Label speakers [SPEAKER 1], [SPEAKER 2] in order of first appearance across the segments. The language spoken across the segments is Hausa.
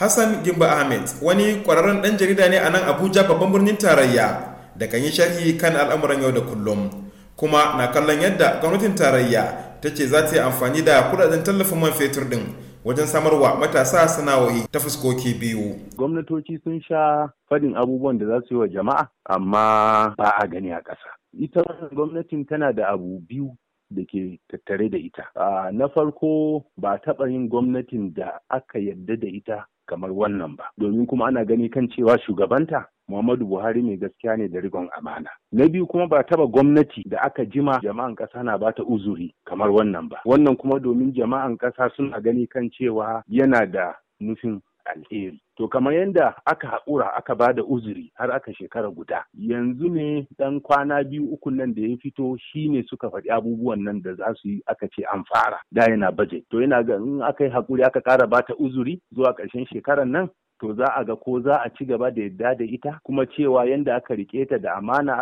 [SPEAKER 1] Hassan Gimba Ahmed wani kwararren ɗan jarida ne a nan Abuja babban birnin tarayya da kan yi sharhi kan al'amuran yau da kullum kuma na kallon yadda gwamnatin tarayya ta ce za ta yi amfani da kudaden tallafin man fetur din wajen samarwa matasa sana'o'i ta fuskoki biyu. Gwamnatoci sun sha fadin abubuwan da za su yi wa jama'a
[SPEAKER 2] amma ba a gani a ƙasa. Ita gwamnatin tana da abu biyu da ke tattare da ita. Na farko ba taɓa yin gwamnatin da aka yadda da ita kamar wannan ba domin kuma ana gani kan cewa shugabanta Muhammadu Buhari mai gaskiya ne da rigon amana. Na biyu kuma ba taɓa gwamnati da aka jima jama'an ƙasa na bata uzuri kamar wannan ba. Wannan kuma domin jama'an ƙasa suna gani kan cewa yana da nufin alheri to kamar yadda aka haƙura aka ba da uzuri har aka shekara guda yanzu ne dan kwana biyu uku nan da ya fito shi ne suka faɗi abubuwan nan da za su yi aka ce an fara da yana baje to yana ga in aka yi haƙuri aka ƙara bata uzuri zuwa ƙarshen shekarar nan to za a ga ko za a ci gaba da yadda da ita kuma cewa yadda aka riƙe ta da amana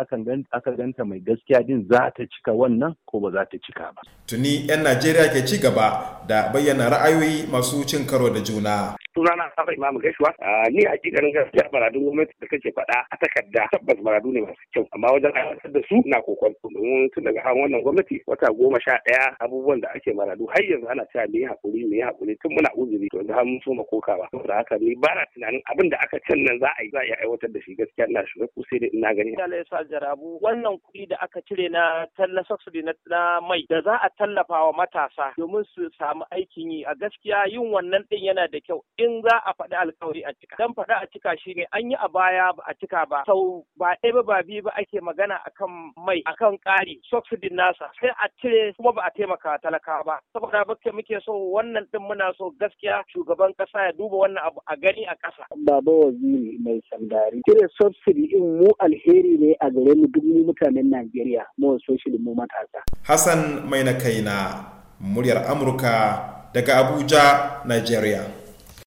[SPEAKER 2] aka ganta mai gaskiya din za ta cika wannan ko ba za ta cika ba.
[SPEAKER 1] Tuni 'yan Najeriya ke ci gaba da bayyana ra'ayoyi masu cin karo da juna.
[SPEAKER 2] sunana na Hassan
[SPEAKER 3] Imam Gaisuwa. ni a kikarin gaskiya maradun gwamnati da kake faɗa a takarda tabbas maradu ne masu kyau amma wajen aiwatar da su na kokon domin tun daga hawan wannan gwamnati wata goma sha ɗaya abubuwan da ake maradu har yanzu ana cewa me hakuri me hakuri tun muna uzuri to yanzu har mun so ma ba saboda haka ni ba na tunanin abin da aka can nan za a yi za a yi aiwatar da shi gaskiya ina shiga ku sai dai ina gani.
[SPEAKER 4] Allah ya sa jarabu wannan kuɗi da aka cire na talla subsidy na mai da za a tallafa wa matasa domin su samu aikin yi a gaskiya yin wannan ɗin yana da kyau in in za a faɗi alkawari a cika dan faɗa a cika shi ne an yi a baya ba a cika ba sau ba ɗaya ba biyu ba ake magana akan mai akan ƙari subsidin nasa sai a cire kuma ba a taimaka talaka ba saboda bakke muke so wannan din muna so gaskiya shugaban ƙasa ya duba wannan abu a gani a ƙasa.
[SPEAKER 3] Baba waziri mai sandari cire subsidy in mu alheri ne a gare mu duk mutanen Najeriya mu social mu matasa.
[SPEAKER 1] Hassan mai na kaina muryar Amurka daga Abuja, Najeriya.